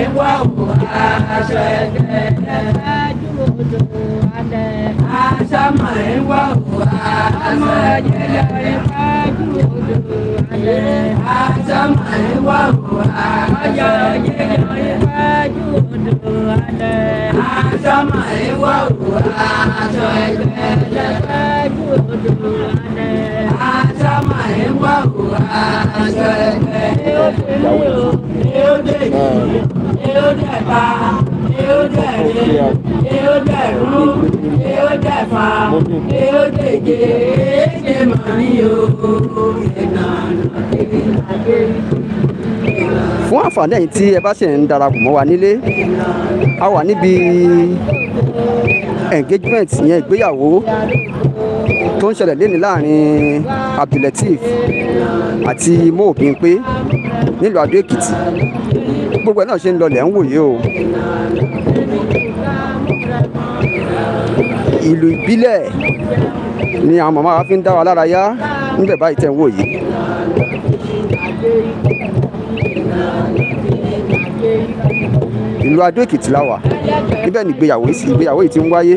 ìwà òwò àṣẹ̀dẹ̀. Ẹ̀fẹ́jú odò alẹ̀. Àṣàmọ̀ ìwà òwò àṣẹ̀dẹ̀. Ẹ̀fẹ́jú odò alẹ̀. Àṣàmọ̀ ìwà òwò àṣẹ̀dẹ̀. Ẹ̀fẹ́jú odò alẹ̀. Àṣàmọ̀ ìwà òwò àṣẹ̀dẹ̀. Ẹ̀fẹ́jú odò alẹ̀. Àṣàmọ̀ ìwà òwò àṣẹ̀dẹ̀ ìyàwó ẹ̀ yóò dé ìlú yóò dé ta yóò dé ẹ̀rẹ́ yóò dé ẹ̀rú yóò dé fa yóò dé ge ege mọ̀rí o ìlànà ìlànà fún àǹfààní ẹ̀yin tí ẹ bá ṣe ń darapọ̀ mọ́ wa nílé a wà níbi engagement yẹn ìgbéyàwó tó ń ṣẹlẹ̀ lẹ́ni láàrin Abdulateef àti Mo Bímpé nílùú Adó-Èkìtì gbogbo ẹ̀ náà ṣe ń lọlẹ̀ ń wòye o ìlú ìbílẹ̀ ni àwọn màmá wa fi ń dá wa lára yá níbẹ̀ báyìí tẹ̀ ń wò ìlú Adó-Èkìtì la wà níbẹ̀ ni ìgbéyàwó yìí ti ń wáyé.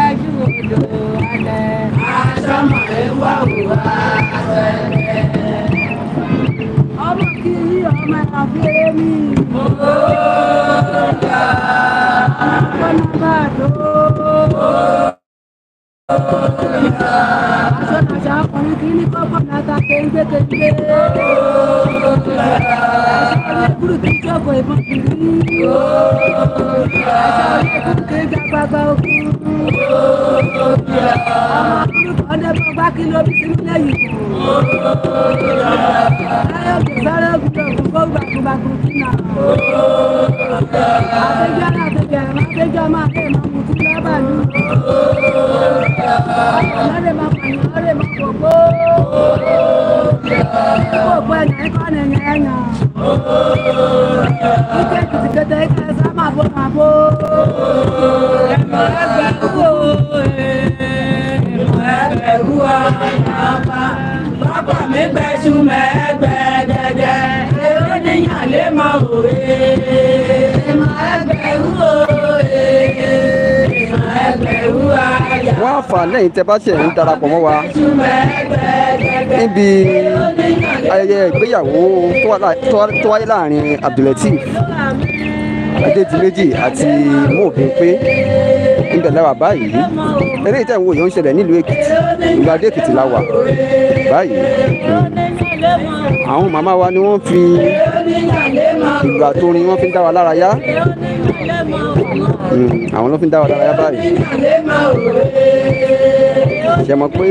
wàhùwà àtẹ̀lẹ̀. ọmọ kì í ọmọ àfẹ́rẹ́ mi. mo bá kí ló bí sínú lẹ́yìn. Sáré ògùn sáré ògùn tó kún kó gbàgbà kún sí náà. Àtẹ̀jọ́ náà ti bẹ̀rẹ̀ máa máa tẹ̀ máa mú sí lábà ní. Ọ̀rẹ́ máa pààyàn ọ̀rẹ́ máa pọ̀ gbó. Ìkókó ẹ̀yàn ẹ̀kọ́ ni ẹ̀yàn ẹ̀yàn. Ìkéjì ti kété ẹ̀ka máa bó máa bó. bàbá bàbá bàbá mi gbẹ̀sùn mẹ́gbẹ̀ẹ́dẹ́dẹ́ èrò níyàn lè máa òwe. ìmọ̀ ẹgbẹ́ wú òwe ìmọ̀ ẹgbẹ́ wú àyà. wọ́n àǹfààní lẹ́yìn tẹ́ bá ṣe ń darapọ̀ mọ́ wa níbi ayẹyẹ ìgbéyàwó tó wáyé láàrin Abdulateef Adédiméjì àti Mobimpe níbẹ̀ láwa báyìí eré ìtẹ̀ ìwò yẹn ń ṣẹlẹ̀ nílùú èkìtì ìgbàdé èkìtì láwa báyìí àwọn màmá wa ni wọ́n fi ìgbà tó rin wọ́n fi ń dá wa lára yá hmm, àwọn ló fi ń dá wa lára yá báyìí ṣe mọ̀ pé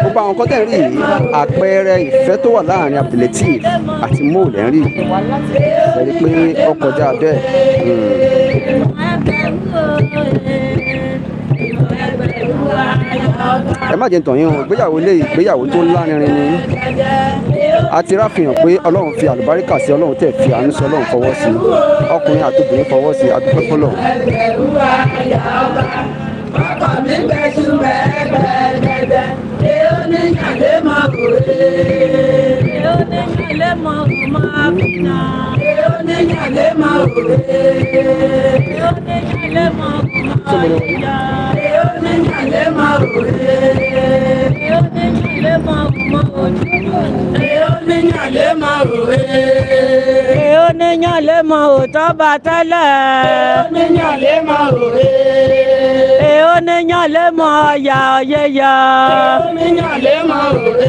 gbogbo àwọn kọ́tẹ́ rí àpẹẹrẹ ìfẹ́ tó wà láàrin Abdulateef àti Mo lẹ́ ń rí ẹ̀rí pé ọkọjá bẹ́ẹ̀ hmm ẹ má jẹ́ ń tàn o ìgbéyàwó ilé ìgbéyàwó tó lárinrin ni a ti ráfihàn pé ọlọ́run fi àlùbáríkà sí ọlọ́run tẹ̀ fi àánú sí ọlọ́run fọwọ́ sí ọkùnrin àti obìnrin fọwọ́ sí adúpẹ́ fọlọ́. ọkọ̀ Èèyàn lè mọ òótọ́ bá tẹ́lẹ̀. Èèyàn lè mọ òwe. Èèyàn lè mọ ọ̀yà ọ̀yẹ̀yà. Èèyàn lè mọ òwe.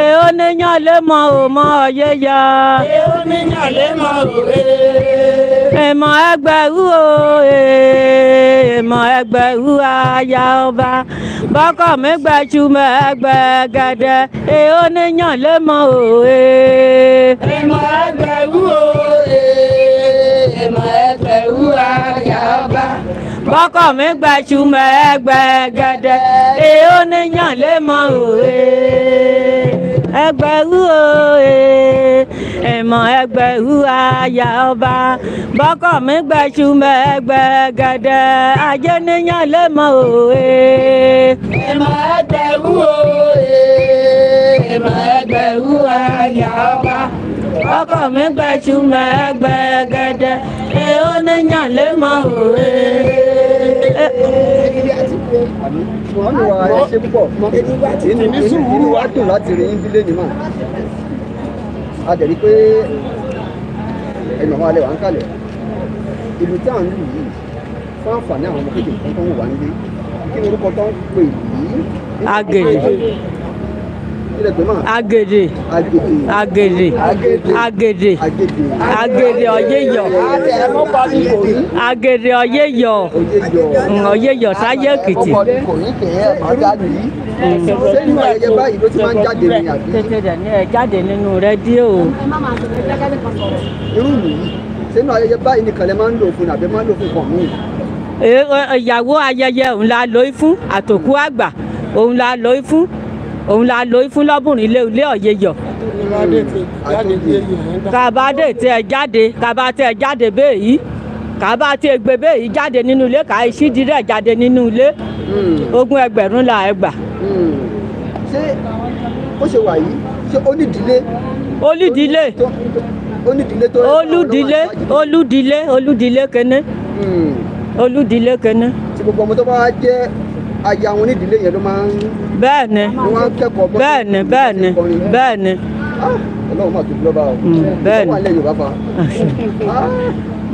Èèyàn lè mọ òmọ ọ̀yẹ̀yà. Èèyàn lè mọ òwe èèmọ̀ ẹgbẹ̀rú o èèmọ̀ ẹgbẹ̀rú aya ọba bọ́kọ̀ mi gbẹ̀jú mọ́ ẹgbẹ̀ gẹ̀dẹ̀ èèó níyàn lé mọ́ o. èèmọ̀ ẹgbẹ̀rú o èèmọ̀ ẹgbẹ̀rú aya ọba bọ́kọ̀ mi gbẹ̀jú mọ́ ẹgbẹ̀ gẹ̀dẹ̀ èèó níyàn lé mọ́ o. ẹgbẹ̀rú o mọ̀ ẹgbẹ̀rú aya ọba bọ́kọ̀ mi gbẹ̀ṣù mẹ́ ẹgbẹ́ gẹ̀dẹ̀ ajé níyàn lè mọ òwe. ìmọ̀ ẹgbẹ̀rú òwe ìmọ̀ ẹgbẹ̀rú aya ọba bọ́kọ̀ mi gbẹ̀ṣù mẹ́ ẹgbẹ́ gẹ̀dẹ̀ èèó níyàn lè mọ òwe mọ̀ọ́nù wa ẹ ṣe púpọ̀ èyí ni ní sùúrù wa dùn láti rí yín bílẹ̀ nìmọ̀ a dẹ̀ rí pé ẹnu àwọn alẹ́ wà ń kalẹ̀ ìlú tí à ń lù yìí fún àǹfààní àwọn ọmọ kékeré tó ń wà nílé kí ni orúkọ tó ń pè yìí. agèrè agèdè agèdè agèdè agèdè ọ̀yẹ́yọ̀ agèdè ọ̀yẹ́yọ̀ ọ̀yẹ́yọ̀ sáyé èkìtì jáde nínú rédíò. irú mi sínú ayẹyẹ báyìí nìkan lè máa ń lò fún àbẹ máa ń lò fún kàn mí. ìyàwó ayẹyẹ òun la lóyún fún àtòkú àgbà òun la lóyún fún òun la lóyún fún lọ́bùnrin ilé ilé ọ̀yẹ́yọ̀ kàbá dé tẹ ẹ jáde kàbá tẹ ẹ jáde bẹ́ẹ̀ yìí kàbá tẹ ẹ gbé bẹ́ẹ̀ yìí jáde nínú ilé kàá ìṣídìí rẹ̀ jáde nínú ilé hmm. ogún ẹgbẹ̀rún la ẹ gbà. Hmm. ṣé ó ṣe wà yìí ṣé ó ní ìdílé. ó ní ìdílé olùdílé olùdílé olùdílé kẹne hmm. olùdílé kẹne. tí gbogbo ọmọ tó bá jẹ́ aya àwọn onídìílé yẹn ló máa ń. bẹ́ẹ̀ni bẹ́ẹ̀ni bẹ́ẹ̀ni bẹ́ẹ̀ni. Ah, ọlọ́run máa tóbi lọ́ba o. bẹ́ẹ̀ni wọ́n wà ní Yorùbá fa. Ah, ah.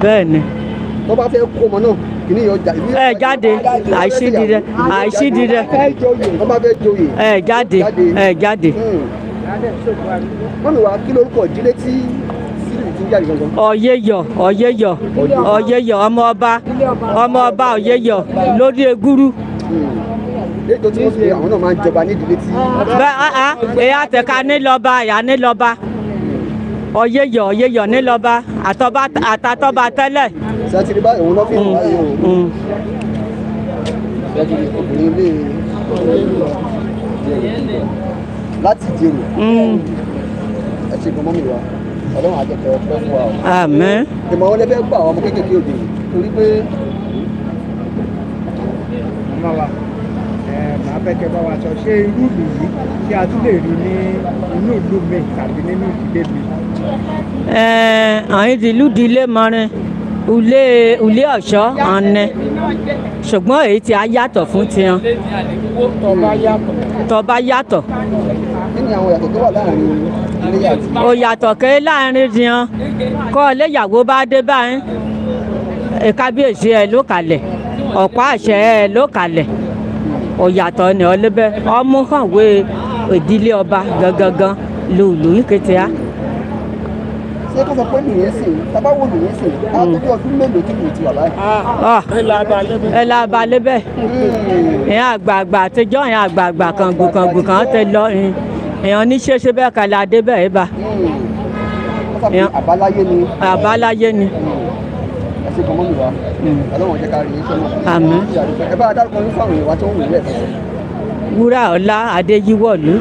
bẹ́ẹ̀ni. tó bá fẹ́ kó ọmọ náà kìíní yọ jáde. ẹ jáde àìsídìí rẹ àìsídìí rẹ. tó bá fẹ́ joyè. Hmm. ẹ jáde ẹ jáde. mọ́mi wa kí lorúkọ ìdílé tí ọyẹyọ ọyẹyọ ọyẹyọ ọmọ ọba ọmọ ọba ọyẹyọ lórí egúrú lẹ́jọ́ hmm. tí wọ́n fi àwọn náà máa ń jọba nídìílé tí. ẹ̀yà ah, ah. tẹ̀ka nílọ́ba ẹ̀yà nílọ́ba ọ̀yẹ̀yọ̀ ọ̀yẹ̀yọ̀ nílọ́ba àtàtọ́ba tẹ́lẹ̀. sátìrìbá òun lọ́ fi hàn áyò hmm, hmm. láti jèrò ẹ ṣe gbọmọ mi wá Ọlọ́run àjẹkẹ ọpẹ́ fún wa. àmín. ìmọ̀ wọlé fẹ́ gbà ọmọ kéékèèké òde torí pé nọ́la màá fẹ́ kẹ́ bá wa sọ ṣé irú ìlú yìí a tún lè rí ní inú ìlú mi tàbí nínú ìdílé mi. àyìn ti ìlú ìdílé mọ́rin ulé ulé ọ̀ṣọ́ ọ̀nẹ ṣùgbọ́n èyí tí a yàtọ̀ fún tiwọn. tọba yàtọ̀. tọba yàtọ̀. kí ni àwọn yàtọ̀ tó wà láàrin ilé àti. ó yàtọ̀ ké láàrin tiwọn kọ́ ọ léyàwó bá dé báyìí kábíyèsí ẹ̀ ló kalẹ̀ ọ̀pá àṣẹ ló kalẹ̀ ọ̀yàtọ̀ ni ọlẹ́bẹ̀ ọmú kàwé ìdílé ọba gangan lòlù ìkẹtẹ́á. ṣé ká sọ pé nìyẹn sì tábà wò nìyẹn sì tábà tó bí ọdún mélòó tí mo ti wà báyìí. Ah. ẹ la ba lébẹ̀ ìyẹn àgbààgbà àtijọ́ ìyẹn àgbààgbà kàngùkàngù kan tẹ lọ ìyẹn oníṣẹ́ṣe bẹ́ẹ̀ kalẹ̀ adé bẹ́ẹ̀ bá. Hmm. àbáláyé ni. àbáláyé ni. Mm ṣe kàn mọ́ mi wá hmm. ọlọ́run jẹ́ ká rí iṣẹ́ náà. àmín. ẹ bá dárúkọ ní fáwọn ìwà tó ń wù lẹ́ẹ̀kan. wúrà ọlá adéyíwọ̀lú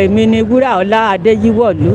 èmi ni wúrà ọlá adéyíwọ̀lú.